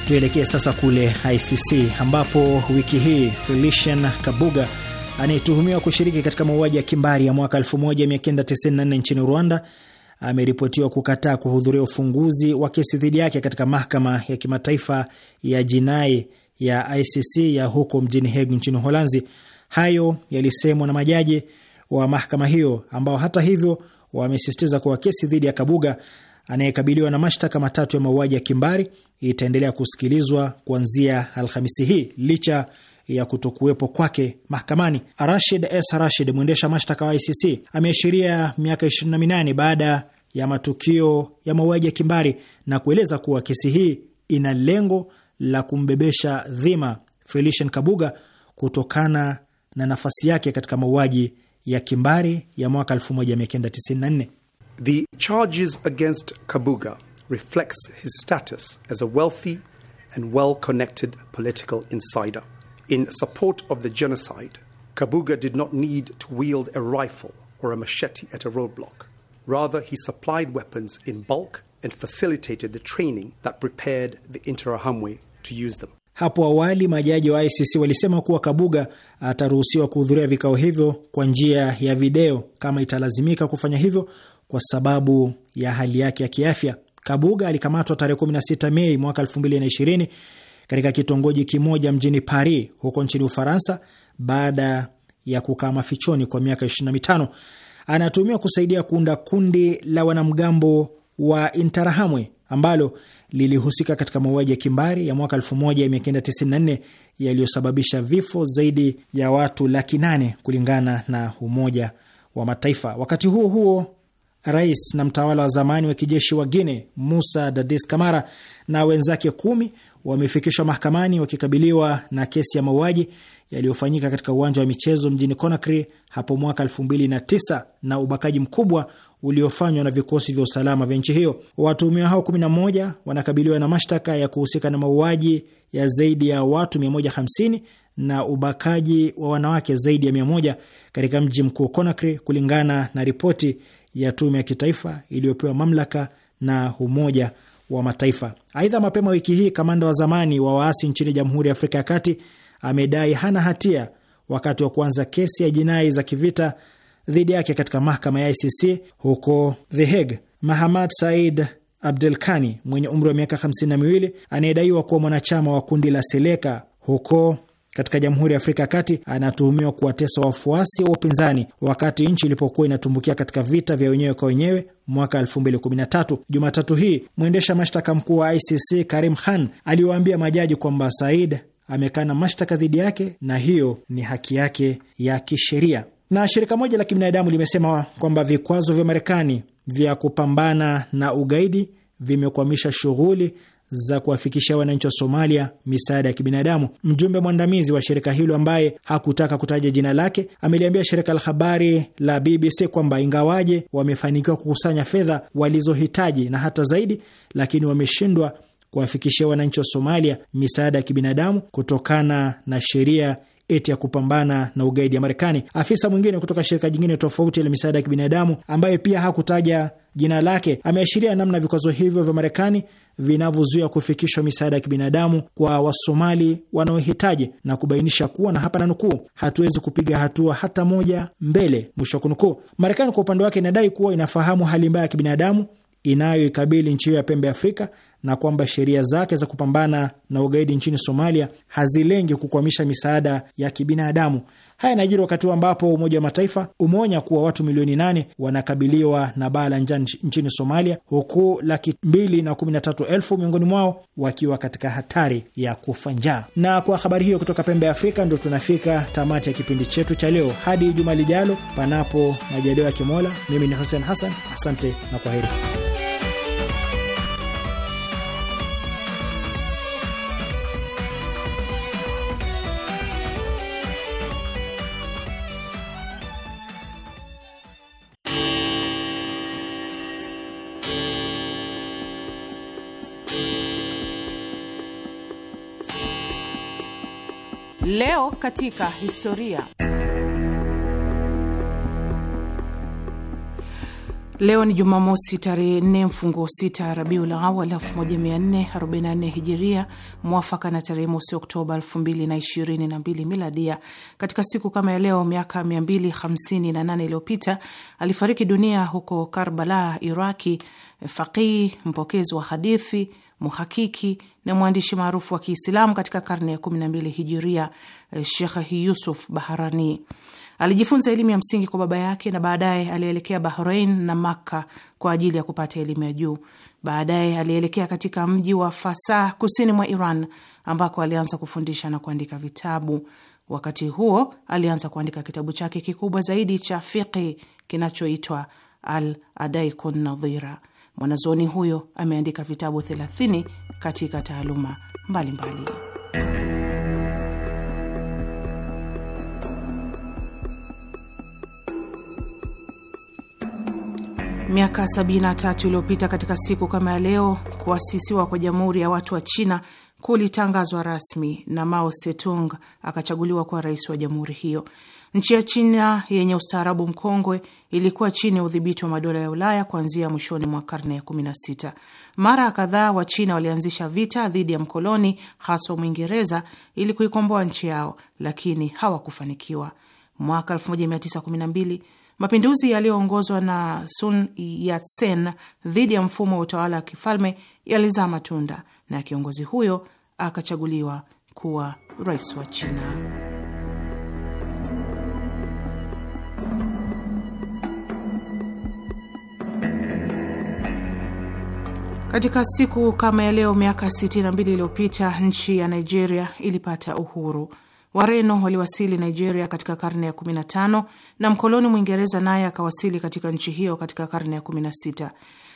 Tuelekee sasa kule ICC ambapo wiki hii Felician Kabuga anayetuhumiwa kushiriki katika mauaji ya kimbari ya mwaka 1994 nchini Rwanda ameripotiwa kukataa kuhudhuria ufunguzi wa kesi dhidi yake katika mahakama ya kimataifa ya jinai ya ICC ya huko mjini Hague nchini Uholanzi. Hayo yalisemwa na majaji wa mahakama hiyo ambao hata hivyo wamesisitiza kuwa kesi dhidi ya Kabuga anayekabiliwa na mashtaka matatu ya mauaji ya kimbari itaendelea kusikilizwa kuanzia Alhamisi hii licha ya kutokuwepo kwake mahakamani. Rashid S Rashid, mwendesha mashtaka wa ICC, ameashiria miaka 28 baada ya matukio ya mauaji ya kimbari na kueleza kuwa kesi hii ina lengo la kumbebesha dhima Felician Kabuga kutokana na nafasi yake katika mauaji ya kimbari ya mwaka 1994. The charges against Kabuga reflects his status as a wealthy and well-connected political insider. In support of the genocide, Kabuga did not need to wield a rifle or a machete at a roadblock. Rather, he supplied weapons in bulk and facilitated the training that prepared the Interahamwe to use them. Hapo awali majaji wa ICC walisema kuwa Kabuga ataruhusiwa kuhudhuria vikao hivyo kwa njia ya video kama italazimika kufanya hivyo kwa sababu ya hali yake ya kiafya. Kabuga alikamatwa tarehe 16 Mei mwaka 2020 katika kitongoji kimoja mjini Paris huko nchini Ufaransa baada ya kukaa mafichoni kwa miaka 25. Anatumiwa kusaidia kuunda kundi la wanamgambo wa Interahamwe ambalo lilihusika katika mauaji ya kimbari ya mwaka 1994 yaliyosababisha vifo zaidi ya watu laki nane kulingana na Umoja wa Mataifa. Wakati huo huo, rais na mtawala wa zamani wa kijeshi wa Guine Musa Dadis Kamara na wenzake kumi wamefikishwa mahakamani wakikabiliwa na kesi ya mauaji yaliyofanyika katika uwanja wa michezo mjini Conakry hapo mwaka 2009 na ubakaji mkubwa uliofanywa na vikosi vya usalama vya nchi hiyo. Watuhumiwa hao 11 wanakabiliwa na mashtaka ya kuhusika na mauaji ya zaidi ya watu 150 na ubakaji wa wanawake zaidi ya 100 katika mji mkuu Conakry, kulingana na ripoti ya tume ya kitaifa iliyopewa mamlaka na Umoja wa Mataifa. Aidha, mapema wiki hii kamanda wa zamani wa waasi nchini Jamhuri ya Afrika ya Kati amedai hana hatia wakati wa kuanza kesi ya jinai za kivita dhidi yake katika mahakama ya ICC huko The Hague. Mahamad Said abdul Kani mwenye umri wa miaka miwili anayedaiwa kuwa mwanachama wa kundi la Seleka huko katika Jamhuri ya Afrika ya Kati anatuhumiwa kuwatesa wafuasi wa upinzani wakati nchi ilipokuwa inatumbukia katika vita vya wenyewe kwa wenyewe mwaka 2013. Jumatatu hii mwendesha mashtaka mkuu wa ICC Karim Khan aliwaambia majaji kwamba Said amekana mashtaka dhidi yake na hiyo ni haki yake ya kisheria. Na shirika moja la kibinadamu limesema kwamba vikwazo vya Marekani vya kupambana na ugaidi vimekwamisha shughuli za kuwafikishia wananchi wa Somalia misaada ya kibinadamu. Mjumbe mwandamizi wa shirika hilo ambaye hakutaka kutaja jina lake ameliambia shirika la habari la BBC kwamba ingawaje wamefanikiwa kukusanya fedha walizohitaji na hata zaidi, lakini wameshindwa kuwafikishia wananchi wa Somalia misaada ya kibinadamu kutokana na sheria eti ya kupambana na ugaidi ya Marekani. Afisa mwingine kutoka shirika jingine tofauti la misaada ya kibinadamu ambaye pia hakutaja jina lake. Ameashiria namna vikwazo hivyo vya Marekani vinavyozuia kufikishwa misaada ya kibinadamu kwa Wasomali wanaohitaji na kubainisha kuwa, na hapa nanukuu, hatuwezi kupiga hatua hata moja mbele, mwisho wa kunukuu. Marekani kwa upande wake inadai kuwa inafahamu hali mbaya ya kibinadamu inayoikabili nchi hiyo ya pembe Afrika na kwamba sheria zake za kupambana na ugaidi nchini Somalia hazilengi kukwamisha misaada ya kibinadamu. Haya yanajiri wakati ambapo Umoja wa Mataifa umeonya kuwa watu milioni nane wanakabiliwa na baa la njaa nchini Somalia, huku laki mbili na kumi na tatu elfu miongoni mwao wakiwa katika hatari ya kufa njaa. Na kwa habari hiyo kutoka pembe ya Afrika, ndo tunafika tamati ya kipindi chetu cha leo. Hadi juma lijalo, panapo majaliwa ya Kimola, mimi ni Hussein Hassan, asante na kwa heri Leo katika historia. Leo ni Jumamosi tarehe 4 mfungo 6 Rabiul Awal 1444 Hijiria, mwafaka na tarehe mosi Oktoba 2022 Miladia. Katika siku kama ya leo miaka 258 iliyopita alifariki dunia huko Karbala, Iraki, faqihi mpokezi wa hadithi, muhakiki na mwandishi maarufu wa Kiislamu katika karne ya 12 hijiria, eh, Shekh Yusuf Baharani. Alijifunza elimu ya msingi kwa baba yake na baadaye alielekea Bahrain na Makka kwa ajili ya kupata elimu ya juu. Baadaye alielekea katika mji wa Fasa kusini mwa Iran ambako alianza kufundisha na kuandika vitabu. Wakati huo alianza kuandika kitabu chake kikubwa zaidi cha fiqhi kinachoitwa Al Adaikun Nadhira. Mwanazuoni huyo ameandika vitabu 30 katika taaluma mbalimbali mbali. Miaka 73 iliyopita katika siku kama ya leo, kuasisiwa kwa Jamhuri ya Watu wa China kulitangazwa rasmi na Mao Setung akachaguliwa kuwa rais wa jamhuri hiyo. Nchi ya China yenye ustaarabu mkongwe ilikuwa chini ya udhibiti wa madola ya Ulaya kuanzia mwishoni mwa karne ya 16. Mara kadhaa Wachina walianzisha vita dhidi ya mkoloni haswa Mwingereza ili kuikomboa nchi yao, lakini hawakufanikiwa. Mwaka 1912 mapinduzi yaliyoongozwa na Sun Yatsen dhidi ya mfumo wa utawala wa kifalme yalizaa matunda na kiongozi huyo akachaguliwa kuwa rais wa China. Katika siku kama ya leo miaka 62 iliyopita nchi ya Nigeria ilipata uhuru. Wareno waliwasili Nigeria katika karne ya 15 na mkoloni Mwingereza naye akawasili katika nchi hiyo katika karne ya 16.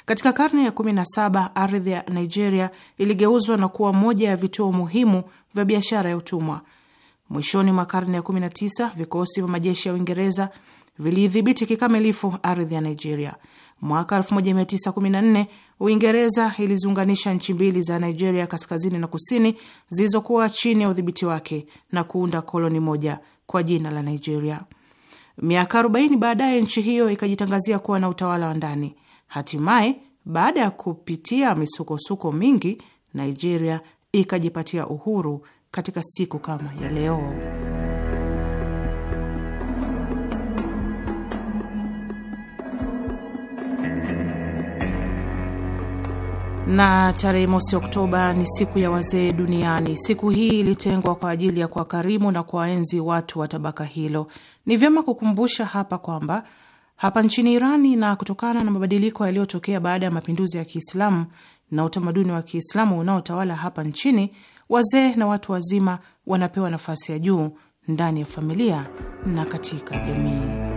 Katika karne ya 17 ardhi ya Nigeria iligeuzwa na kuwa moja ya vituo muhimu vya biashara ya utumwa. Mwishoni mwa karne ya 19 vikosi vya majeshi ya Uingereza viliidhibiti kikamilifu ardhi ya Nigeria. Mwaka 1914 Uingereza iliziunganisha nchi mbili za Nigeria kaskazini na kusini zilizokuwa chini ya udhibiti wake na kuunda koloni moja kwa jina la Nigeria. Miaka 40 baadaye nchi hiyo ikajitangazia kuwa na utawala wa ndani. Hatimaye, baada ya kupitia misukosuko mingi, Nigeria ikajipatia uhuru katika siku kama ya leo. na tarehe mosi Oktoba ni siku ya wazee duniani. Siku hii ilitengwa kwa ajili ya kuwakarimu na kuwaenzi watu wa tabaka hilo. Ni vyema kukumbusha hapa kwamba hapa nchini Irani na kutokana na mabadiliko yaliyotokea baada ya mapinduzi ya Kiislamu na utamaduni wa Kiislamu unaotawala hapa nchini, wazee na watu wazima wanapewa nafasi ya juu ndani ya familia na katika jamii.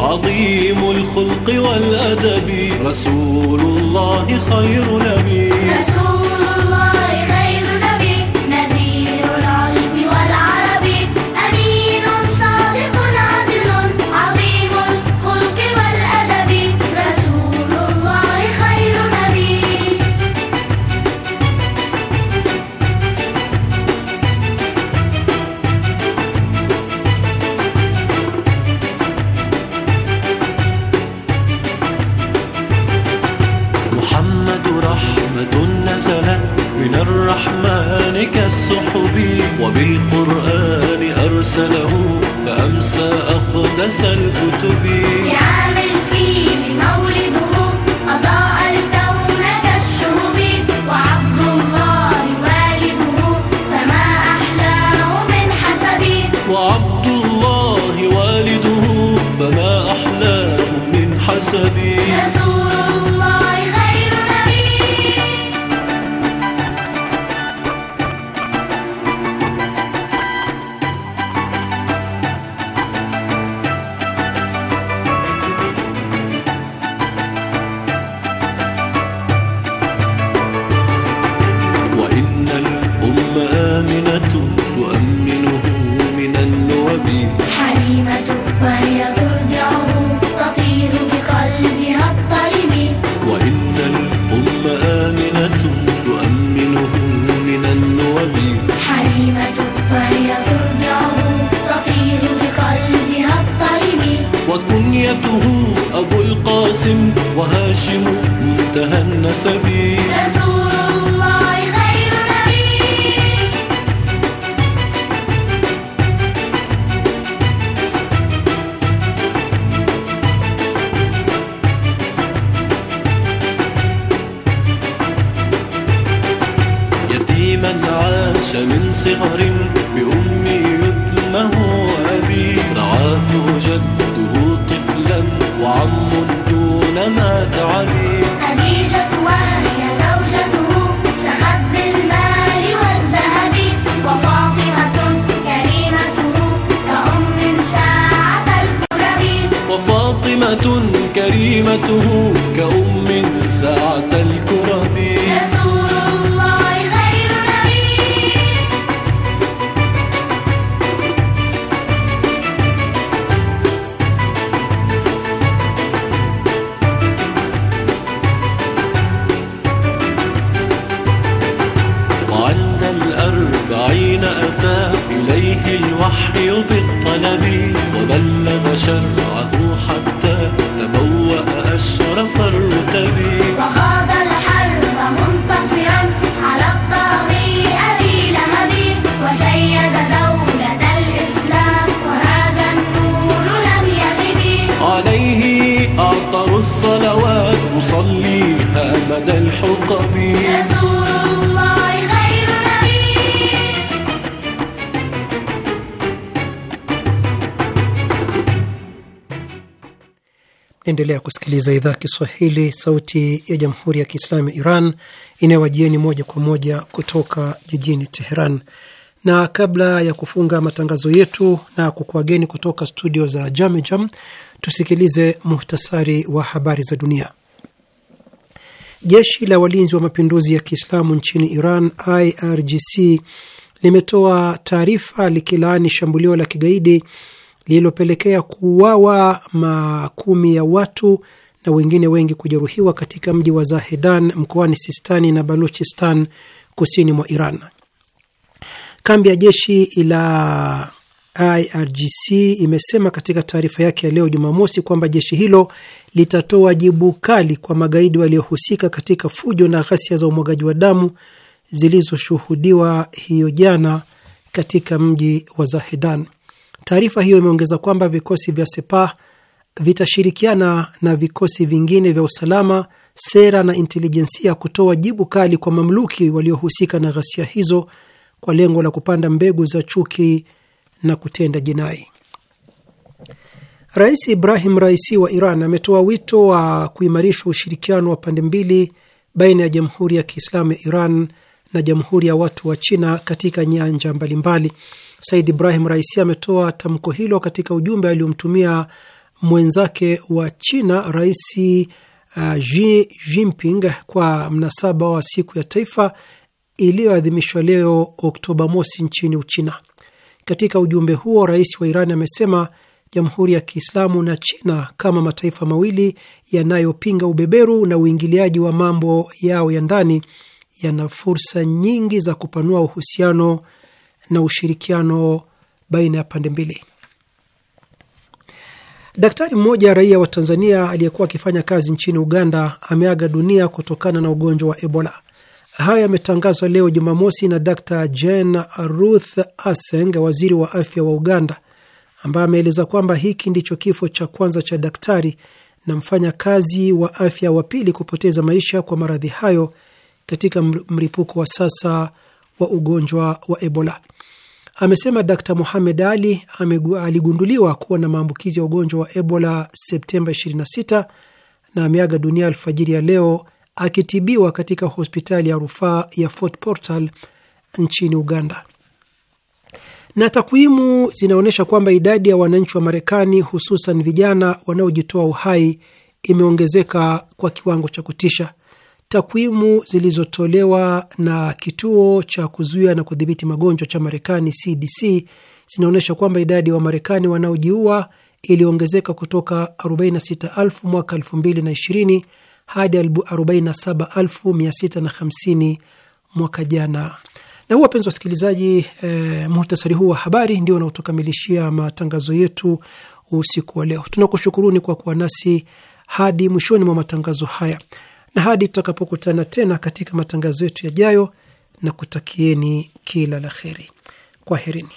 عظيم الخلق والأدب رسول الله خير نبي أرسله فأمسى أقدس الكتب يا kusikiliza idhaa ya Kiswahili, sauti ya jamhuri ya kiislamu ya Iran inayowajieni moja kwa moja kutoka jijini Teheran. Na kabla ya kufunga matangazo yetu na kukuageni kutoka studio za Jamejam, tusikilize muhtasari wa habari za dunia. Jeshi la walinzi wa mapinduzi ya Kiislamu nchini Iran, IRGC, limetoa taarifa likilaani shambulio la kigaidi lililopelekea kuuawa makumi ya watu na wengine wengi kujeruhiwa katika mji wa Zahedan mkoani Sistani na Baluchistan kusini mwa Iran. Kambi ya jeshi la IRGC imesema katika taarifa yake ya leo Jumamosi kwamba jeshi hilo litatoa jibu kali kwa magaidi waliohusika katika fujo na ghasia za umwagaji wa damu zilizoshuhudiwa hiyo jana katika mji wa Zahedan. Taarifa hiyo imeongeza kwamba vikosi vya Sepah vitashirikiana na vikosi vingine vya usalama, sera na intelijensia kutoa jibu kali kwa mamluki waliohusika na ghasia hizo kwa lengo la kupanda mbegu za chuki na kutenda jinai. Rais Ibrahim Raisi wa Iran ametoa wito wa kuimarisha ushirikiano wa pande mbili baina ya Jamhuri ya Kiislamu ya Iran na Jamhuri ya Watu wa China katika nyanja mbalimbali. Said Ibrahim Raisi ametoa tamko hilo katika ujumbe aliomtumia mwenzake wa China Rais uh, Xi Jinping kwa mnasaba wa siku ya taifa iliyoadhimishwa leo Oktoba mosi nchini Uchina. Katika ujumbe huo, rais wa Iran amesema Jamhuri ya Kiislamu na China kama mataifa mawili yanayopinga ubeberu na uingiliaji wa mambo yao ya ndani yana fursa nyingi za kupanua uhusiano na ushirikiano baina ya pande mbili. Daktari mmoja raia wa Tanzania aliyekuwa akifanya kazi nchini Uganda ameaga dunia kutokana na ugonjwa wa Ebola. Haya yametangazwa leo Jumamosi na Dr Jane Ruth Aseng, waziri wa afya wa Uganda, ambaye ameeleza kwamba hiki ndicho kifo cha kwanza cha daktari na mfanyakazi wa afya wa pili kupoteza maisha kwa maradhi hayo katika mlipuko wa sasa wa ugonjwa wa Ebola. Amesema Dr Muhamed Ali aligunduliwa kuwa na maambukizi ya ugonjwa wa Ebola Septemba 26 na ameaga dunia alfajiri ya leo akitibiwa katika hospitali ya rufaa ya Fort Portal nchini Uganda. Na takwimu zinaonyesha kwamba idadi ya wananchi wa Marekani hususan vijana wanaojitoa uhai imeongezeka kwa kiwango cha kutisha. Takwimu zilizotolewa na kituo cha kuzuia na kudhibiti magonjwa cha Marekani, CDC, zinaonyesha kwamba idadi ya wa Wamarekani wanaojiua iliongezeka kutoka 46,000 mwaka 2020 hadi 47,650 mwaka jana. Na huu, wapenzi wasikilizaji, e, muhtasari huu wa habari ndio unaotukamilishia matangazo yetu usiku wa leo. Tunakushukuruni kwa kuwa nasi hadi mwishoni mwa matangazo haya na hadi tutakapokutana tena katika matangazo yetu yajayo, na kutakieni kila la heri. Kwaherini.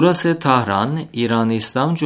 Burası Tahran, İran İslam